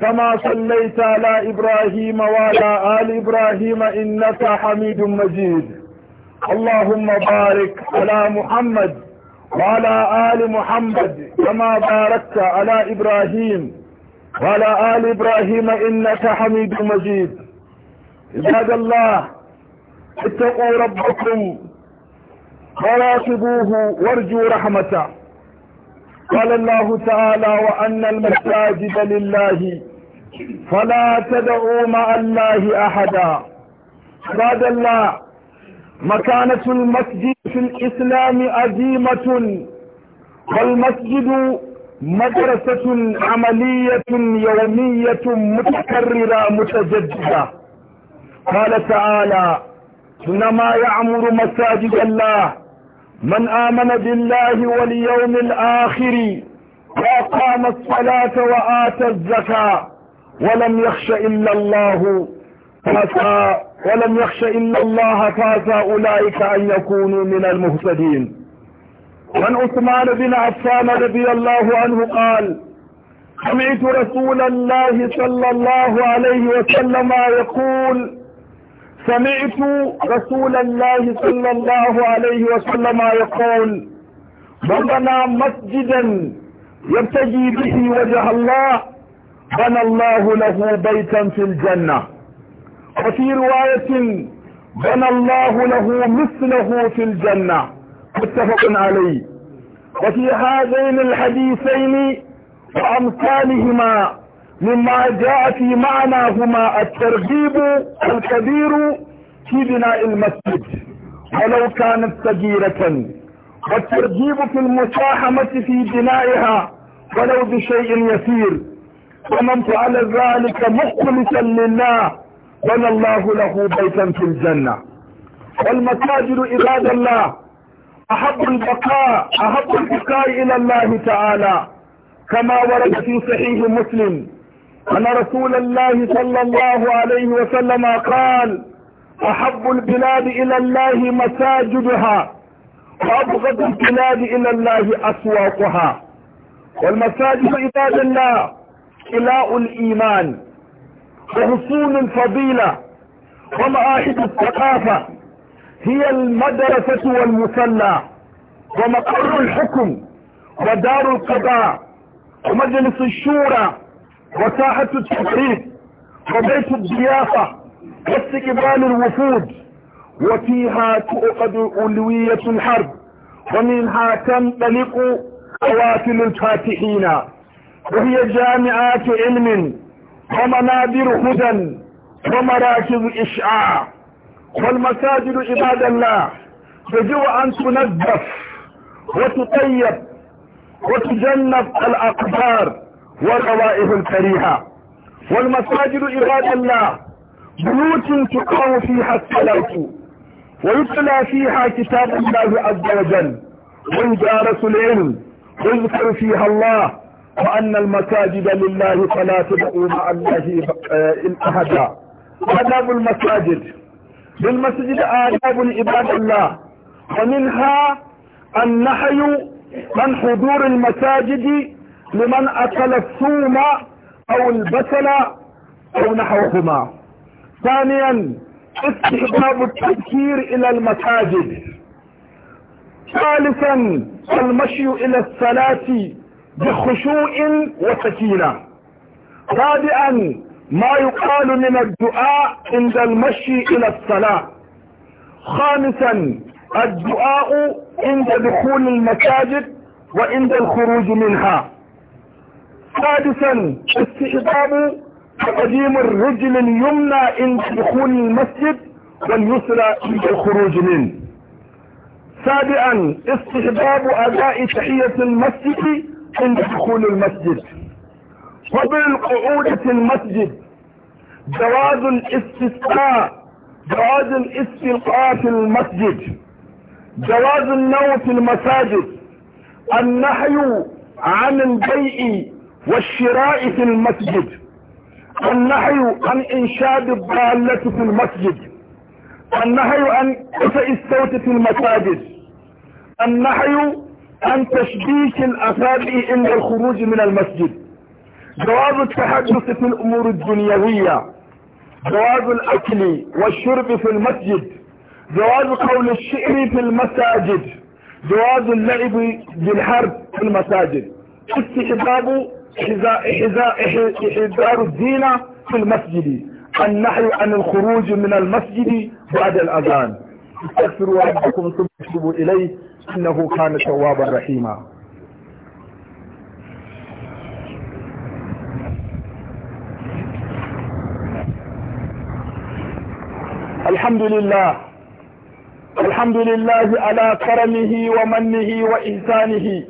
كما صليت على إبراهيم وعلى آل إبراهيم إنك حميد مجيد اللهم بارك على محمد وعلى آل محمد كما باركت على إبراهيم وعلى آل إبراهيم إنك حميد مجيد عباد الله اتقوا ربكم وراقبوه وارجوا رحمته قال الله تعالى وأن المساجد لله فلا تدعوا مع الله أحدا عباد الله مكانة المسجد في الإسلام عظيمة والمسجد مدرسة عملية يومية متكررة متجددة قال تعالى إنما يعمر مساجد الله من آمن بالله واليوم الآخر وأقام الصلاة وآتى الزكاة ولم يخش إلا الله فاسا ولم يخش إلا الله فاسا أولئك أن يكونوا من المهتدين عن عثمان بن عفان رضي الله عنه قال سمعت رسول الله صلى الله عليه وسلم يقول سمعت رسول الله صلى الله عليه وسلم يقول بنى مسجدا يبتغي به وجه الله بنى الله له بيتا في الجنة وفي رواية بنى الله له مثله في الجنة متفق عليه وفي هذين الحديثين وأمثالهما مما جاء في معناهما الترغيب الكبير في بناء المسجد ولو كانت صغيرة والترغيب في المساهمة في بنائها ولو بشيء يسير ومن فعل ذلك مخلصا لله بنى الله له بيتا في الجنة والمساجد عباد الله احب البقاء احب البقاء الى الله تعالى كما ورد في صحيح مسلم ان رسول الله صلى الله عليه وسلم قال احب البلاد الى الله مساجدها وابغض البلاد الى الله اسواقها والمساجد عباد الله ابتلاء الإيمان وحصول الفضيلة ومعاهد الثقافة هي المدرسة والمسلى ومقر الحكم ودار القضاء ومجلس الشورى وساحة التقريب وبيت الضيافة واستقبال الوفود وفيها تؤخذ ألوية الحرب ومنها تنطلق قوافل الفاتحين وهي جامعات علم ومنابر هدى ومراكز إشعاع والمساجد عباد الله يجب أن تنظف وتطيب وتجنب الأقدار والروائح الكريهة والمساجد عباد الله بيوت تقام فيها الصلاة ويتلى فيها كتاب الله عز وجل ويدارس العلم ويذكر فيها الله وأن المساجد لله فلا تدعوا مع الله آه، أحدا آداب المساجد بالمسجد آداب عباد الله ومنها النحي عن حضور المساجد لمن أكل الثوم أو البسل أو نحوهما ثانيا استحباب التذكير إلى المساجد ثالثا المشي إلى الصلاة بخشوع وسكينة رابعا ما يقال من الدعاء عند المشي إلى الصلاة خامسا الدعاء عند دخول المساجد وعند الخروج منها سادسا استحباب تقديم الرجل اليمنى عند دخول المسجد واليسرى عند الخروج منه سابعا استحباب اداء تحية المسجد عند دخول المسجد وبالقعود في المسجد جواز الاستسقاء جواز الاستلقاء في المسجد جواز النوم في المساجد النحي عن البيع والشراء في المسجد النحي عن انشاد الضالة في المسجد النحي عن قطع الصوت في المساجد النحي عن تشبيك الأصابع عند الخروج من المسجد جواز التحدث في الأمور الدنيوية جواز الأكل والشرب في المسجد جواز قول الشعر في المساجد جواز اللعب بالحرب في المساجد استحباب إحذار الزينة في المسجد النحي عن الخروج من المسجد بعد الأذان استغفروا ربكم ثم اكتبوا إليه إنه كان توابا رحيما الحمد لله الحمد لله على كرمه ومنه وإنسانه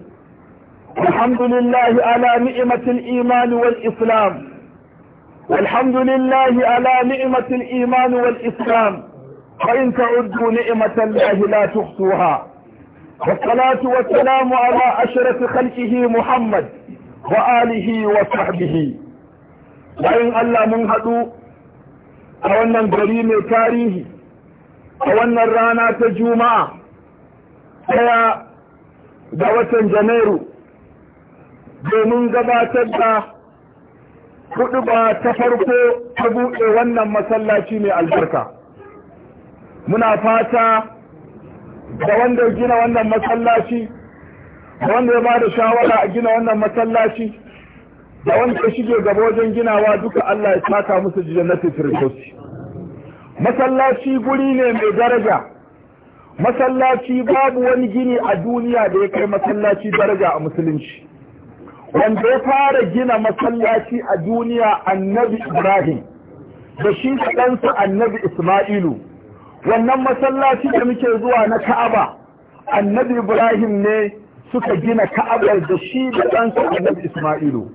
الحمد لله على نعمة الإيمان والإسلام والحمد لله على نعمة الإيمان والإسلام فإن تعدوا نعمة الله لا تحصوها والصلاة والسلام على أشرف خلقه محمد وآله وصحبه bayan Allah mun haɗu a wannan gari mai tarihi a wannan rana ta juma'a ɗaya da watan janairu domin gabatar da hudu ta farko ta buɗe wannan masallaci mai albarka muna fata da wanda ya gina wannan masallaci da wanda ya ba da shawara a gina wannan masallaci da wanda ya shige gaba wajen ginawa duka Allah ya saka musu jannatin firdausi masallaci guri ne mai daraja masallaci babu wani gini a duniya da ya kai masallaci daraja a musulunci wanda ya fara gina masallaci a duniya annabi ibrahim da shi ɗansa annabi isma'ilu wannan masallaci da muke zuwa na ka'aba annabi ibrahim ne suka gina ka'abar da shi da ɗansa annabi isma'ilu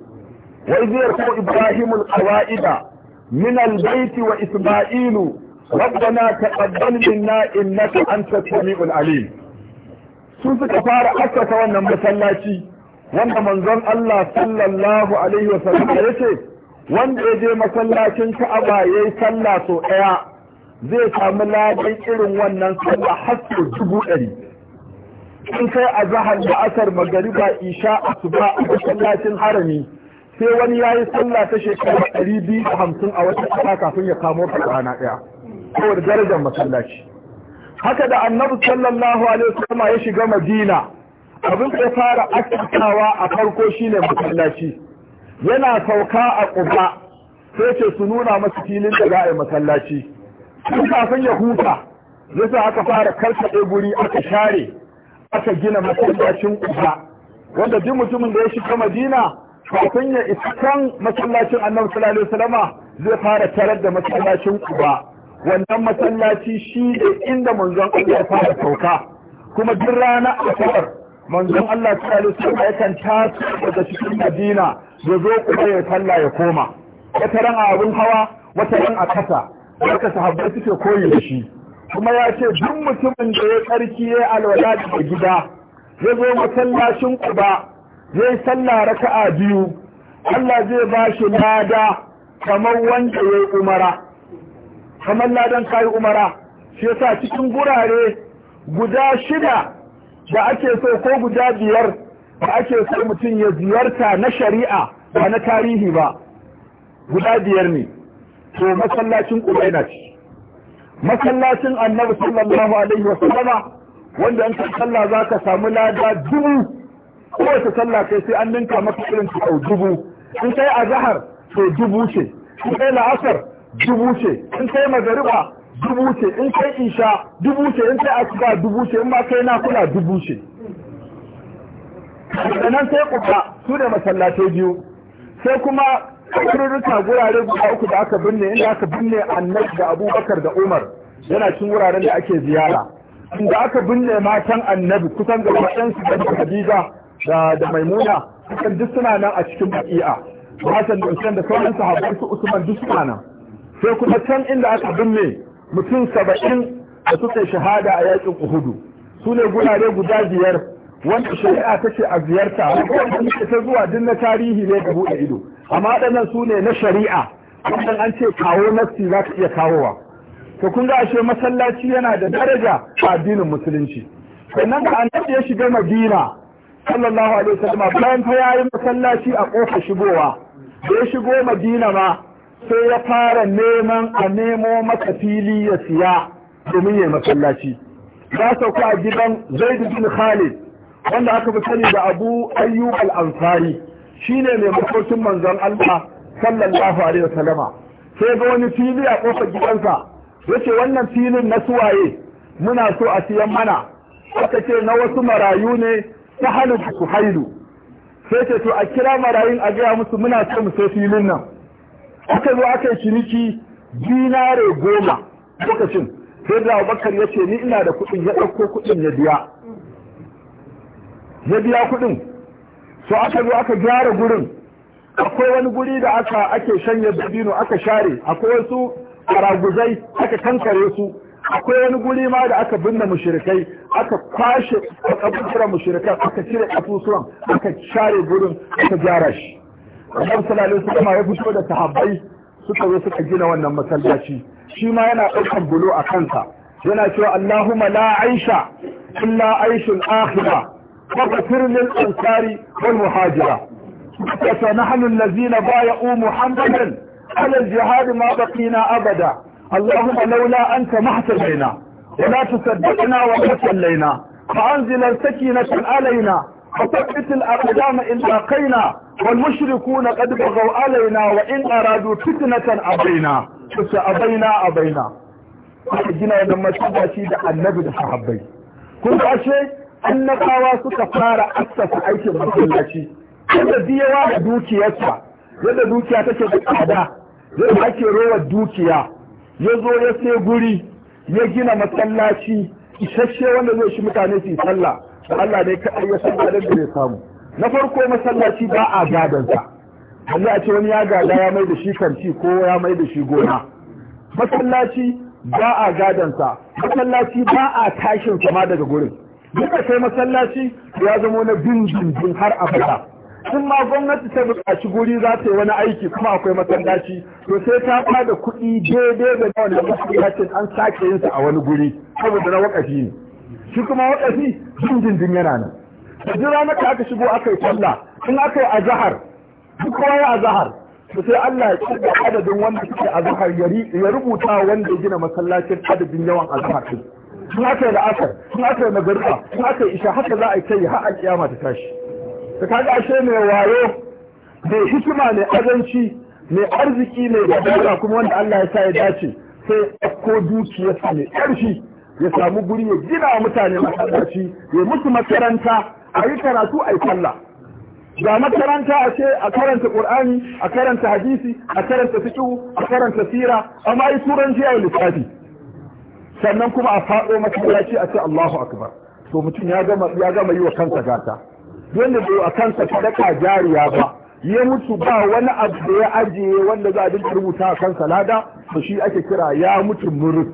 wa iziyar ko ibrahimul qawa'ida min albayti wa isma'ilu rabbana taqabbal minna innaka antas samiul alim sun suka fara assasa wannan masallaci wanda manzon Allah sallallahu alaihi wa sallam ya ce wanda ya je masallacin Ka'aba yayi sallah so daya zai samu ladin irin wannan sallah hasso dubu ɗari in kai a zahar da asar magariba isha ba a masallacin harami sai wani ya yi sallah ta shekara ɗari biyu da hamsin a wata ƙasa kafin ya kamo ka rana ɗaya saboda darajar masallaci haka da annabi sallallahu alaihi wasallam ya shiga madina abin da ya fara akatawa a farko shine masallaci yana sauka a ƙuba sai ce su nuna masa filin da za a yi masallaci tun kafin ya huta yasa aka fara karkaɗe guri aka share aka gina masallacin kusa wanda duk mutumin da ya shiga madina kafin ya isa kan masallacin annabi sallallahu alaihi wasallama zai fara tarar da masallacin kuba wannan masallaci shi ne inda manzon Allah ya fara sauka kuma duk rana asabar manzon Allah sallallahu alaihi wasallama yakan taso daga cikin madina ya zo kuma ya talla ya koma wata ran a abin hawa wata ran a kasa haka sahabbai suke koyi da shi kuma ya ce duk mutumin da ya tsarki ya alwala daga gida ya zo masallacin kuba ya yi sallah raka'a biyu Allah zai ba shi lada kamar wanda ya yi umara kamar ladan kayi umara shi yasa cikin gurare guda shida da ake so ko guda biyar da ake so mutum ya ziyarta na shari'a ba na tarihi ba guda biyar ne to masallacin ƙudaina ce masallacin annabi sallallahu alaihi wa sallama wanda in ka zaka za ka samu lada dubu kowace sallah kai sai an ninka maka irin ta dubu in kai azhar to dubu ce in kai la'asar dubu ce in kai magariba dubu ce in kai isha dubu ce in kai asuba dubu ce in ma kai nakula dubu ce daga nan sai kuma su da masallatai biyu sai kuma kasurruka gurare guda uku da aka binne inda aka binne annabi da abubakar da umar yana cin wuraren da ake ziyara inda aka binne matan annabi kusan ga matsansu da Hadiza da da maimuna kusan duk suna nan a cikin baki'a matan da usman da sauran sahabbai su usman duk suna nan sai kuma can inda aka binne mutum saba'in da suka shahada a yakin uhudu su ne gurare guda biyar wanda shari'a ta ce a ziyarta wanda ta zuwa din na tarihi ne da buɗe ido amma waɗannan su ne na shari'a wannan an ce kawo nassi za ka iya kawowa to kun ga ashe masallaci yana da daraja a addinin musulunci sannan da annabi ya shiga madina sallallahu alaihi wasallam bayan fa yayi masallaci a kofar shigowa da ya shigo madina ma sai ya fara neman a nemo masa fili ya siya domin ya masallaci ya sauka a gidan Zaidu bin khalid wanda aka fi sani da abu ayyub al-ansari Shi ne mai makocin manzon Allah sallallahu alaihi wasallama sai ga wani fili a ƙofar gidansa ya ce wannan filin na suwaye muna so a siyan mana aka ce na wasu marayu ne ta halin haidu sai ce to a kira marayun a gaya musu muna so mu sai filin nan aka zo aka yi ciniki dinare goma lokacin sai da abubakar ya ce ni ina da kuɗin ya ɗauko kuɗin ya biya ya biya kuɗin so aka zo aka gyara gurin akwai wani guri da aka ake shanye dabino aka share akwai wasu karaguzai aka kankare su akwai wani guri ma da aka binne mushrikai aka kwashe kaburan mushrikan aka cire kafusuran aka share gurin aka gyara shi Annabi sallallahu alaihi ya fito da sahabbai suka zo suka gina wannan masallaci shi ma yana ɗaukar bulo a kansa yana cewa Allahumma la aisha illa aishul akhirah وغفر للأنصار والمهاجرة فنحن الذين بايعوا محمدا على الجهاد ما بقينا أبدا اللهم لولا أنت ما احتلينا ولا تصدقنا وما صلينا فأنزل السكينة علينا فثبت الأقدام إن لاقينا والمشركون قد بغوا علينا وإن أرادوا فتنة أبينا فس أبينا أبينا أحجنا لما تباشي دع النبي الصحابي كل شيء annakawa suka fara aksasa aikin masallaci yadda biyawa da dukiyarsa yadda dukiya take da tsada yadda ake rowa dukiya ya zo ya sai guri ya gina masallaci isasshe wanda zai shi mutane su yi sallah da Allah ne kaɗai ya san da ya samu na farko masallaci ba a gadonsa Allah a ce wani ya gada ya mai da shi kanti ko ya mai da shi gona masallaci ba a gadonsa masallaci ba a tashin sama daga gurin duka sai masallaci ya zama na bin har abada sun ma gwamnati ta buƙaci guri za ta yi wani aiki kuma akwai masallaci to sai ta da kuɗi daidai da wani masallacin an sake yinsa a wani guri saboda na wakafi ne shi kuma wakafi jinjin yana nan da jira maka aka shigo aka yi sallah in aka yi azahar duk kowa ya to sai Allah ya kirga adadin wanda suke azahar ya rubuta wanda gina masallacin adadin yawan azahar din sun aka da asar, sun aka da garba, sun haka isha haka za a yi ta yi har ta tashi ta kaga ashe mai wayo mai hikima mai azanci mai arziki mai dabara kuma wanda Allah ya sa ya dace sai ɗauko dukiyarsa mai ƙarfi ya samu guri ya gina wa mutane masallaci ya musu makaranta a yi karatu a yi sallah ga makaranta a ce a karanta ƙur'ani a karanta hadisi a karanta fiqh a karanta sira amma yi turanci a lissafi sannan kuma a faɗo masallaci a ce Allahu akbar to mutum ya gama ya gama yi wa kansa gata dole bai a kansa sadaka jariya ba ya mutu ba wani abu da ya ajiye wanda za a dinka rubuta a kansa lada to shi ake kira ya mutu murus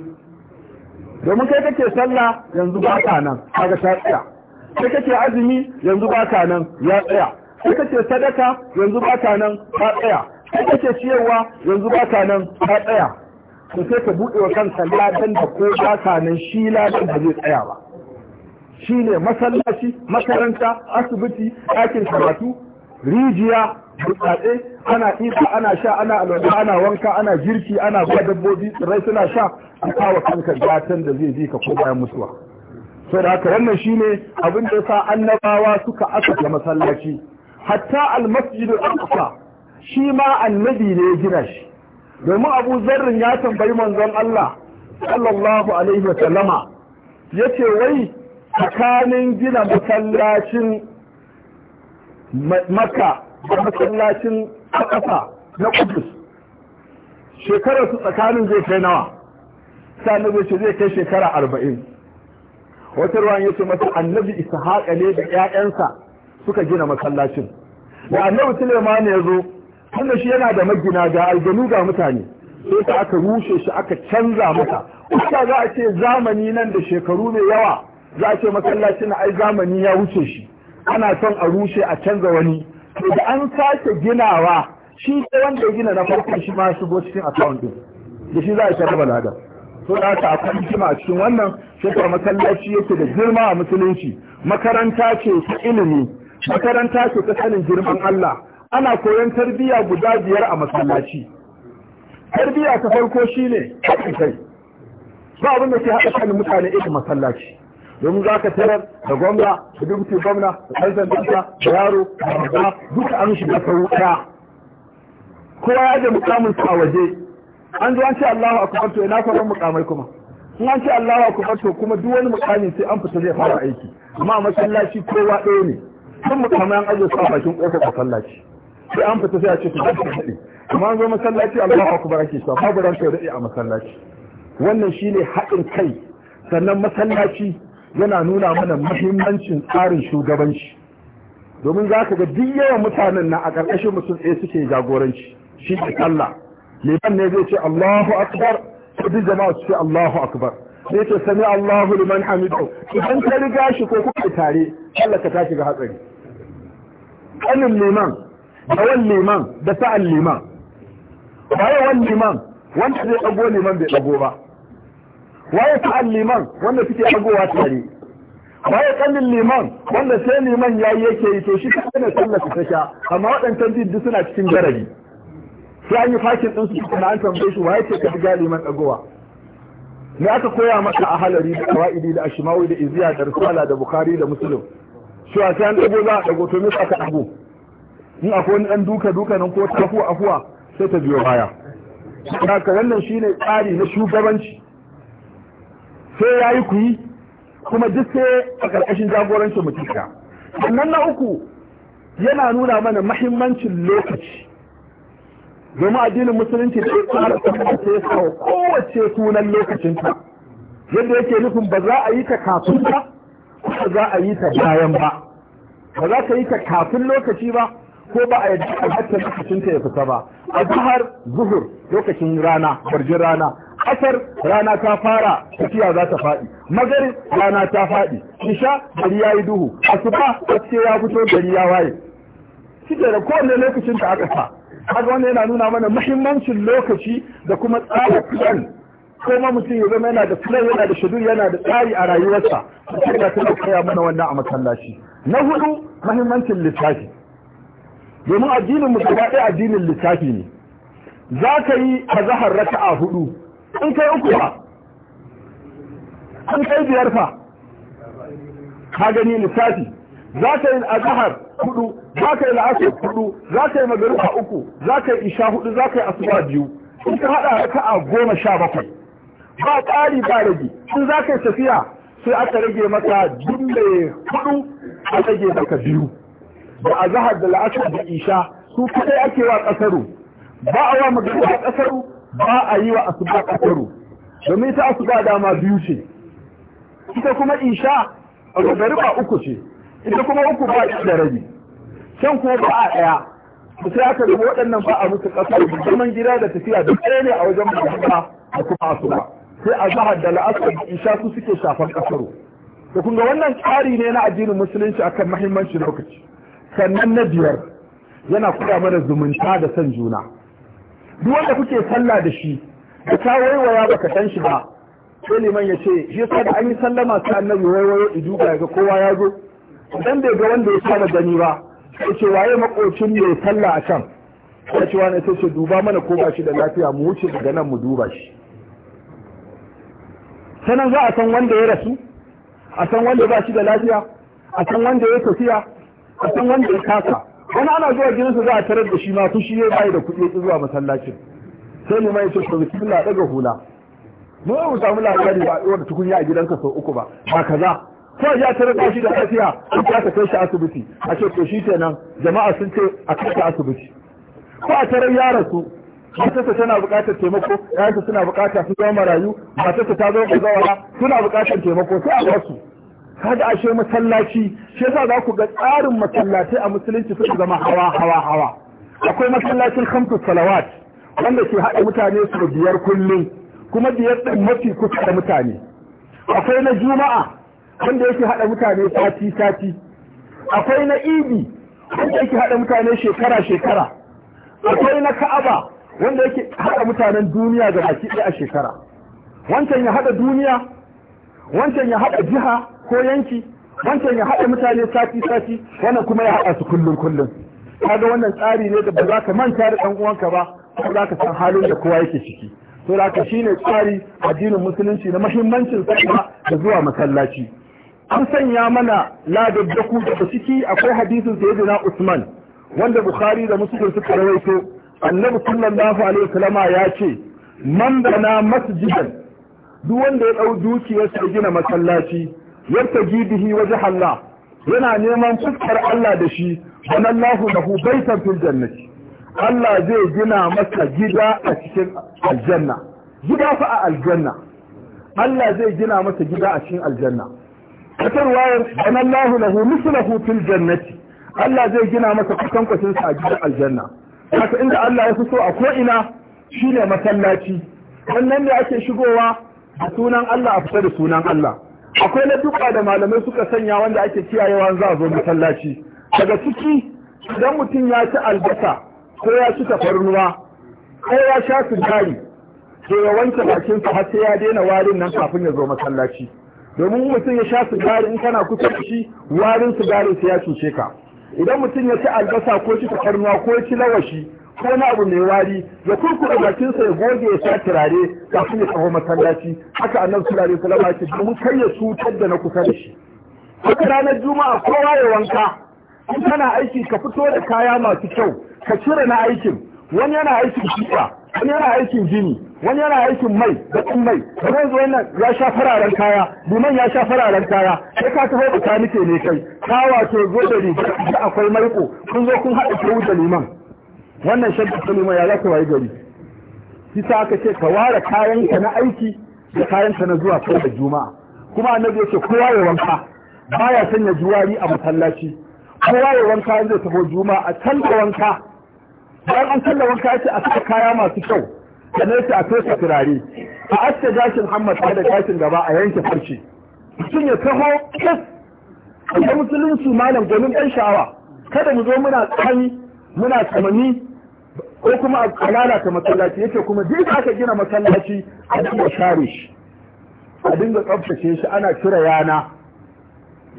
domin kai kake sallah yanzu ba ka nan kaga ta tsaya kai kake azumi yanzu ba ka nan ya tsaya kai kake sadaka yanzu ba ka nan ta tsaya kai kake ciyarwa yanzu ba ka nan ta tsaya to sai ka buɗe wa kansa ladan da ko ba nan shi ladan da zai tsaya ba shi ne masallaci makaranta asibiti ɗakin karatu rijiya burtsatse ana ɗiba ana sha ana alwala ana wanka ana girki ana ba dabbobi tsirrai suna sha a kawo kanka gatan da zai ji ka ko bayan mutuwa Sai da haka wannan shine abin da yasa annabawa suka asaka masallaci hatta almasjidu al-aqsa shi ma annabi ne ya gina shi domin abu zarrin ya tambayi manzon Allah sallallahu alaihi wa sallama ya ce wai tsakanin gina masallacin maka da masallacin ƙasa na kudus shekarar su tsakanin zai kai nawa sannan zai ce zai kai shekara arba'in wata ruwan ya ce masa annabi isa haƙa ne da 'ya'yansa suka gina masallacin da annabi suleiman ya zo tunda shi yana da magina ga aljanu ga mutane sai ta aka rushe shi aka canza mata. kuka za a ce zamani nan da shekaru mai yawa za a ce masallaci na ai zamani ya wuce shi ana son a rushe a canza wani to da an sake ginawa shi ne wanda ya gina na farko shi ma shigo cikin account din da shi za a sharba ladan to da ta akwai hikima a cikin wannan ta masallaci yake da girma a musulunci makaranta ce ta ilimi makaranta ce ta sanin girman Allah ana koyon tarbiyya guda biyar a masallaci tarbiyya ta farko shine haɗin kai ba abin da ke haɗa kan mutane ita masallaci domin za ka tarar da gwamna da dubti gwamna da ɗan sandanta da yaro da maza duka an shiga sau ɗaya kowa ya je mukamin a waje an zo an ce Allahu akbar to ina kwaron mukamai kuma in an ce Allahu akbar to kuma duk wani mukami sai an fita zai fara aiki amma masallaci kowa ɗaya ne kuma mukamai an aje su a bakin ƙofar masallaci sai an fita sai a ce su ba haɗe. kuma an zo masallaci Allahu akbar ake sa babu ran kai daɗe a masallaci wannan shine haɗin kai sannan masallaci yana nuna mana muhimmancin tsarin shugabanci domin za ka ga duk yawan mutanen na a ƙarƙashin mutum ɗaya suke jagoranci shi ne Allah liman ne zai ce Allahu akbar duk jama'a su ce Allahu akbar sai ce sami Allahu liman hamidu idan ka riga shi ko kuka tare Allah ka tashi ga hatsari kanin liman da liman da sa'an liman waye wani liman wanda zai ɗago liman bai dago ba waye sa'an liman wanda suke dagowa tare waye ƙanin liman wanda sai liman ya yi yake yi to shi ta ne tallafi ta sha amma waɗancan biddu suna cikin garabi sai an yi fakin ɗansu su na an tambaye shi waye ce ka ga liman dagowa ne aka koya maka a halari da kawaidi da ashimawi da iziya da risala da bukhari da muslim shi a sai an za a ɗago to me aka dago in akwai wani ɗan duka duka nan ko ta afuwa afuwa sai ta biyo baya ka wannan shine tsari na shugabanci sai ya yi ku kuma duk sai a ƙarƙashin jagorancin mutum sannan na uku yana nuna mana mahimmancin lokaci domin addinin musulunci da tsara tabbata ya sawa kowace sunan lokacinta yadda yake nufin ba za a yi ta kafin ba ba za a yi ta bayan ba ba za ka yi ta kafin lokaci ba ko ba a yadda a hatta lokacin ta ya fita ba a zahar zuhur lokacin rana barjin rana asar rana ta fara tafiya za ta faɗi Magari rana ta faɗi isha gari ya yi duhu asuba gaske ya fito gari ya waye shi da kowane lokacin ta aka sa kaga wannan yana nuna mana muhimmancin lokaci da kuma tsara plan ko ma mutum ya zama yana da plan yana da shadul yana da tsari a rayuwarsa mutum ya tana koya mana wannan a masallaci na hudu muhimmancin littafi domin addinin mu gaba ɗaya addinin littafi ne za ka yi azahar a hudu in kai uku ba in kai biyar fa ka gani littafi. za ka yi azahar hudu za ka yi la'asar hudu za ka yi magariba uku za ka yi isha hudu za ka yi asuba biyu in ka haɗa raka'a goma sha bakwai ba ƙari ba rage in za ka yi tafiya sai aka rage maka jimle hudu a rage maka biyu da azahar da la'asar da isha su kaɗai ake wa ƙasaru. ba a wa magana ƙasaru, ba a yi wa asuba ƙasaru. domin ta asuba dama biyu ce ita kuma isha a ba uku ce ita kuma uku ba ɗaya da rabi can kuma ba a ɗaya da sai aka zama waɗannan ba a musu ƙasar zaman gida da tafiya da ɗaya ne a wajen mahaifa da kuma asuba sai a zahar da la'asar da isha su suke shafan ƙasaru da kunga wannan tsari ne na addinin musulunci akan mahimmancin lokaci sannan na biyar yana koya mana zumunta da san juna duk wanda kuke sallah da shi da ka waiwaya baka san shi ba sai liman ya ce shi yasa da an yi sallama sai annabi waiwayo idu ga kowa ya zo idan bai ga wanda ya saba gani ba sai ce waye makocin mai sallah a can sai ce wani sai ce duba mana ko ba da lafiya mu wuce daga nan mu duba shi sanan za a san wanda ya rasu a san wanda ba shi da lafiya a san wanda ya tafiya a san wanda ya kasa wani ana zuwa gidansa za a tarar da shi ma shi ne bayi da kuɗi zuwa masallacin sai mu mai ce ka bismillah daga hula mu ba samu labari ba wanda tukunya a gidanka sau uku ba ba kaza ko ya tarar da shi da lafiya an ka kai shi asibiti a ce to shi kenan jama'a sun ce a kai shi asibiti ko a tarar yaran su matarsa tana buƙatar taimako yayansa suna buƙatar su zama marayu matarsa ta zama gazawara suna buƙatar taimako sai a wasu kaga ashe masallaci shi yasa za ku ga tsarin masallatai a musulunci suka zama hawa hawa hawa akwai masallacin khamsu salawat wanda ke haɗa mutane su biyar kullum kuma biyar ɗin mafi kusa da mutane akwai na juma'a wanda yake haɗa mutane sati sati akwai na idi wanda yake haɗa mutane shekara shekara akwai na ka'aba wanda yake haɗa mutanen duniya ga baki ɗaya a shekara wancan ya haɗa duniya wancan ya haɗa jiha ko yanki wancan ya haɗa mutane sati sati wannan kuma ya haɗa su kullum kullum kaga wannan tsari ne da ba za ka manta da ɗan uwanka ba ko za ka san halin da kowa yake ciki to da ka shine tsari addinin musulunci na muhimmancin sallah da zuwa masallaci an sanya mana ladabdaku da ciki akwai hadisin sayyidina Usman wanda Bukhari da Muslim suka rawaito annabi sallallahu alaihi wasallam ya ce man bana masjidan duk wanda ya dau dukiyar sa gina masallaci yartaji gidihi waje Allah yana neman fuskar Allah da shi banallahu lahu baitan fil jannati Allah zai gina masa gida a cikin aljanna gida fa a aljanna Allah zai gina masa gida a cikin aljanna kasar wayar banallahu lahu mislahu fil jannati Allah zai gina masa kusan kwacin sa a gidan aljanna haka inda Allah ya fi so a ko ina shine masallaci wannan ne ake shigowa da sunan Allah a fita da sunan Allah akwai na duka da malamai suka sanya wanda ake kiyayewa za a zo masallaci daga ciki idan mutum ya ci albasa ko ya ci tafarnuwa ko ya sha sigari to ya wanke bakinsa har sai ya daina warin nan kafin ya zo masallaci domin mutum ya sha sigari in kana kusa da shi warin sigari sai ya cuce ka idan mutum ya ci albasa ko ci tafarnuwa ko ya ci lawashi ko na abu mai wari ya kurkuɗa bakinsa ya goge ya sa turare kafin ya taho masallaci haka annabi sallallahu alaihi wasallam ce domin kai ya cutar da na kusa da shi haka ranar juma'a kowa ya wanka in kana aiki ka fito da kaya masu kyau ka cire na aikin wani yana aikin shiƙa wani yana aikin jini wani yana aikin mai da kun mai wani zo wannan ya sha fararen kaya liman ya sha fararen kaya sai ka taho bakanike ne kai kawa wato zo da riga akwai maiko kun zo kun haɗa kyau da liman wannan shaddu nema ya zaka waye gari kisa aka ce ka ware kayan ka na aiki da kayan ka na zuwa kai da juma'a kuma annabi yace kowa ya wanka baya sanya juwari a masallaci kowa ya wanka zai taho juma'a a can da wanka bayan an canza wanka yace a saka kaya masu kyau da ne a fesa turare a aske gashin hammata da gashin gaba a yanke farce mutum ya taho a da musulunci malam gwanin ɗan sha'awa kada mu zo muna tsani muna tsamani ko kuma a lalata masallaci yake kuma duk da aka gina masallaci a dinga share shi a dinga tsaftace shi ana cire yana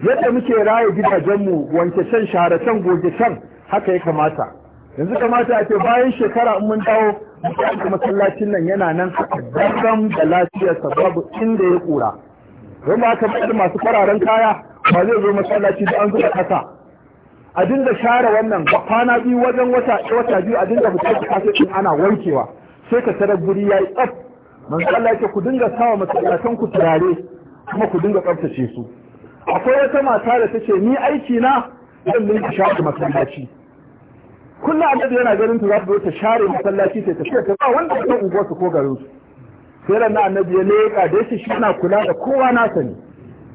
yadda muke raye gidajenmu wanke can share can goge can haka ya kamata yanzu kamata a ce bayan shekara in mun dawo mutane masallacin nan yana nan daban da lafiyar sababu inda ya kura don ba ka masu fararen kaya ba zai zo masallaci da an zuba kasa a dinga share wannan ba kwana biyu wajen wata wata biyu a dinga fitar da kafin ana wankewa sai ka tarar guri yayi tsaf manzo Allah yake ku dinga sawa masallatan ku turare kuma ku dinga tsaftace su akwai wata mata da tace ni aiki na zan dinga share masallaci kullum annabi yana ganin ta za ta zo ta share masallaci sai ta ce ba wanda ta unguwar su ko garin su sai ran annabi ya leka da shi shi na kula da kowa nasa ne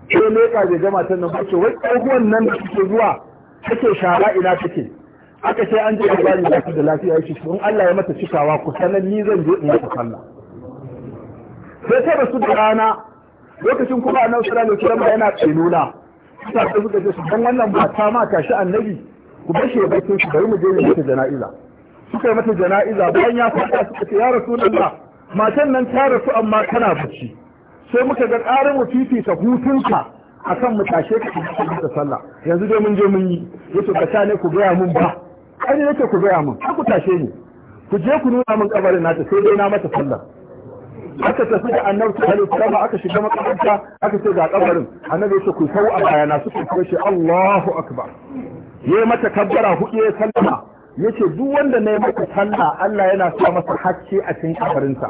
sai leka bai ga matan nan ba ce wai ko nan da suke zuwa take shara ina take aka ce an ji ba da da lafiya yake in Allah ya mata cikawa ku sanar ni zan je in yi sallah sai ta rasu da rana lokacin kuma annabi sallallahu alaihi wasallam yana tsinuna ta ce buga su dan wannan mata ma tashi annabi ku bar shi ya bar shi bari mu je mu mata jana'iza suka yi mata jana'iza bayan ya fada suka ce ya rasulullah matan nan ta rasu amma kana bacci sai muka ga ƙarin mu ta hutunka akan mu tashe ka cikin da sallah yanzu dai mun je mun yi yace ka ta ne ku gaya mun ba ai ne ku gaya mun ku tashe ni ku je ku nuna mun kabarin nata sai dai na mata sallah aka tafi da annabi sallallahu alaihi wasallam aka shiga makabarta aka ce ga kabarin annabi yace ku sau a bayana su ku shi Allahu akbar yayi mata kabbara huɗu ya sallama yace duk wanda yi maka sallah Allah yana sa masa hakki a cikin kabarinsa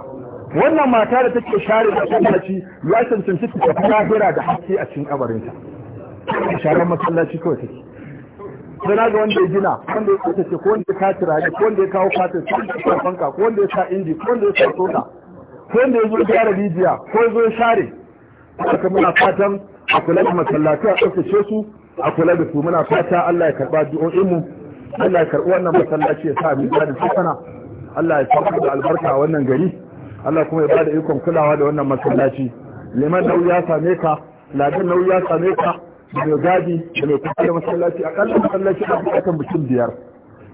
wannan mata da take share da masallaci ya cancanci ta tafi lahira da haske a cikin kabarinta sharar masallaci kawai take sana ga wanda ya gina wanda ya kwace ce ko wanda ya kaci rayu ko wanda ya kawo katin ko wanda ya sa fanka ko wanda ya sa inji ko wanda ya sa soda ko wanda ya zo gyara rijiya ko ya zo ya share haka muna fatan a kula da masallaci a tsaftace su a kula da su muna fata Allah ya karba du'o'in mu Allah ya karbi wannan masallaci ya sa mu da hasana Allah ya saka da albarka a wannan gari Allah kuma ya bada ikon kulawa da wannan masallaci liman da ya same ka ladan nau ya same ka da gadi da mai kusa da masallaci a kallon masallaci a bukatar mutum biyar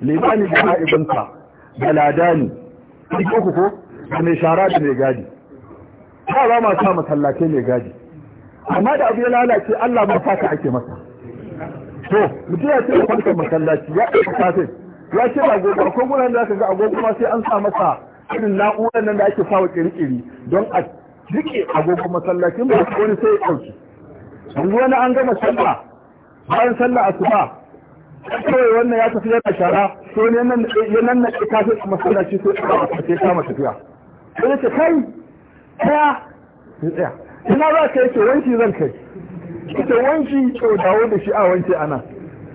Libani da ma'ibinka da ladani duk ku ko da mai shara da mai gadi ba ba ma sa masallaci mai gadi amma da abu ya lalace Allah ma ka ake masa to mutum ya ce kwantar masallaci ya ɗauka kafin ya ce ba gobe ko guran da ka ga agogo ma sai an sa masa irin na'urar nan da ake sawa kirkiri don a jike agogo masallacin ba wani sai ya ɗauki yanzu wani an gama sallah bayan sallah asuba kawai wannan ya tafi yana shara to ne nan na nan kafin a sai masallaci sai ka a ka masa tafiya sai ce kai ya tsaya ina za ka yake wanki zan kai ita wanki ko dawo da shi a wanke ana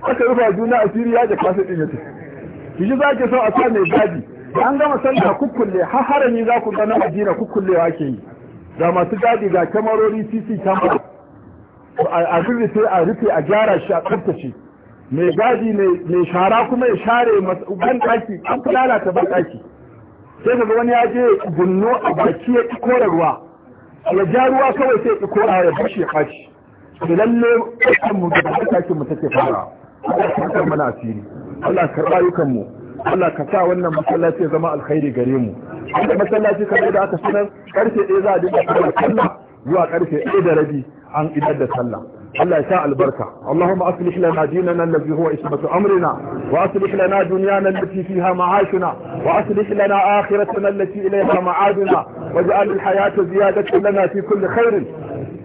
aka rufa juna asiri ya da ɗin ya tafi? kiji za ki so a sa mai gadi an gama sallah kukkulle har harami za ku ga na Madina kukkullewa ke yi ga masu gadi ga kamarori CC camera a rufe a rufe a gyara shi a tsaftace mai gadi mai shara kuma ya share ban daki an fi lalata ban daki sai daga wani ya je gunno a baki ya ƙi ruwa ya ja ruwa kawai sai ƙi kora ya bushe ya fashi da lalle kan mu da haka mu take fara Allah ya mana asiri Allah ya karɓa yukan mu Allah ka sa wannan masallaci ya zama alkhairi gare mu inda masallaci kamar da aka sanar karfe ɗaya za a dinga fara sallah zuwa karfe ɗaya da rabi an idar da sallah الله يساء البركة اللهم أصلح لنا ديننا الذي هو إسمة أمرنا وأصلح لنا دنيانا التي فيها معاشنا وأصلح لنا آخرتنا التي إليها معادنا واجعل الحياة زيادة لنا في كل خير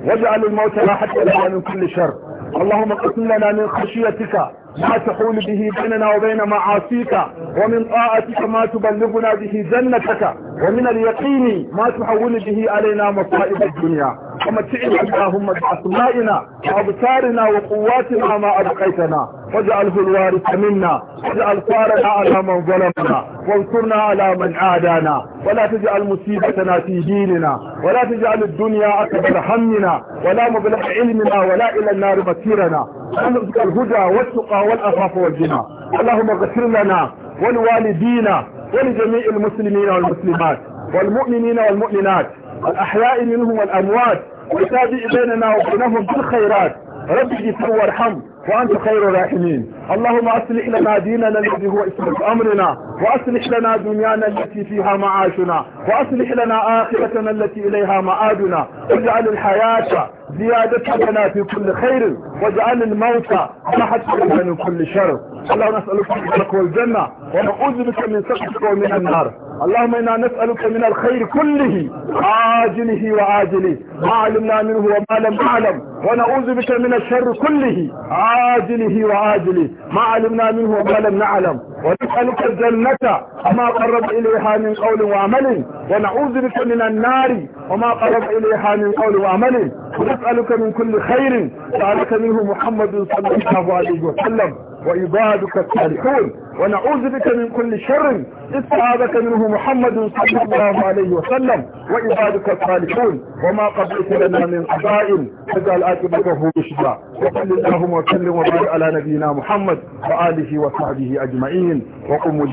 واجعل الموت راحة لنا من كل شر اللهم قسم لنا من خشيتك ما تحول به بيننا وبين معاصيك ومن طاعتك ما تبلغنا به جنتك ومن اليقين ما تحول به علينا مصائب الدنيا ومتعنا اللهم بأسمائنا وأبصارنا وقواتنا ما أبقيتنا واجعله الوارث منا واجعل ثارنا على من ظلمنا وانصرنا على من عادانا ولا تجعل مصيبتنا في ديننا ولا تجعل الدنيا أكبر همنا ولا مبلغ علمنا ولا إلى النار مسيرنا ونرزق الهدى والتقى والأخاف والجنى اللهم اغفر لنا ولوالدينا ولجميع المسلمين والمسلمات والمؤمنين والمؤمنات الأحياء منهم والأموات وتابع بيننا وبينهم بالخيرات رب اغفر وارحم وأنت خير الراحمين اللهم أصلح لنا ديننا الذي هو إسمة أمرنا وأصلح لنا دنيانا التي فيها معاشنا وأصلح لنا آخرتنا التي إليها معادنا واجعل الحياة زيادة لنا في كل خير واجعل الموت راحة لنا من كل شر اللهم نسألك من الجنة ونعوذ بك من سخطك ومن النار اللهم إنا نسألك من الخير كله عاجله وعاجله ما علمنا منه وما لم نعلم ونعوذ بك من الشر كله عاجله وعاجله ما علمنا منه وما لم نعلم ونسألك الجنة وما قرب إليها من قول وعمل ونعوذ بك من النار وما قرب إليها من قول وعمل ونسألك من كل خير سألك منه محمد صلى الله عليه وسلم وعبادك الصالحون ونعوذ بك من كل شر استعاذك منه محمد صلى الله عليه وسلم وعبادك الصالحون وما قبلت لنا من قضاء فجعل آتبته رشدا وصل اللهم وسلم وبارك على نبينا محمد وآله وصحبه أجمعين وقوموا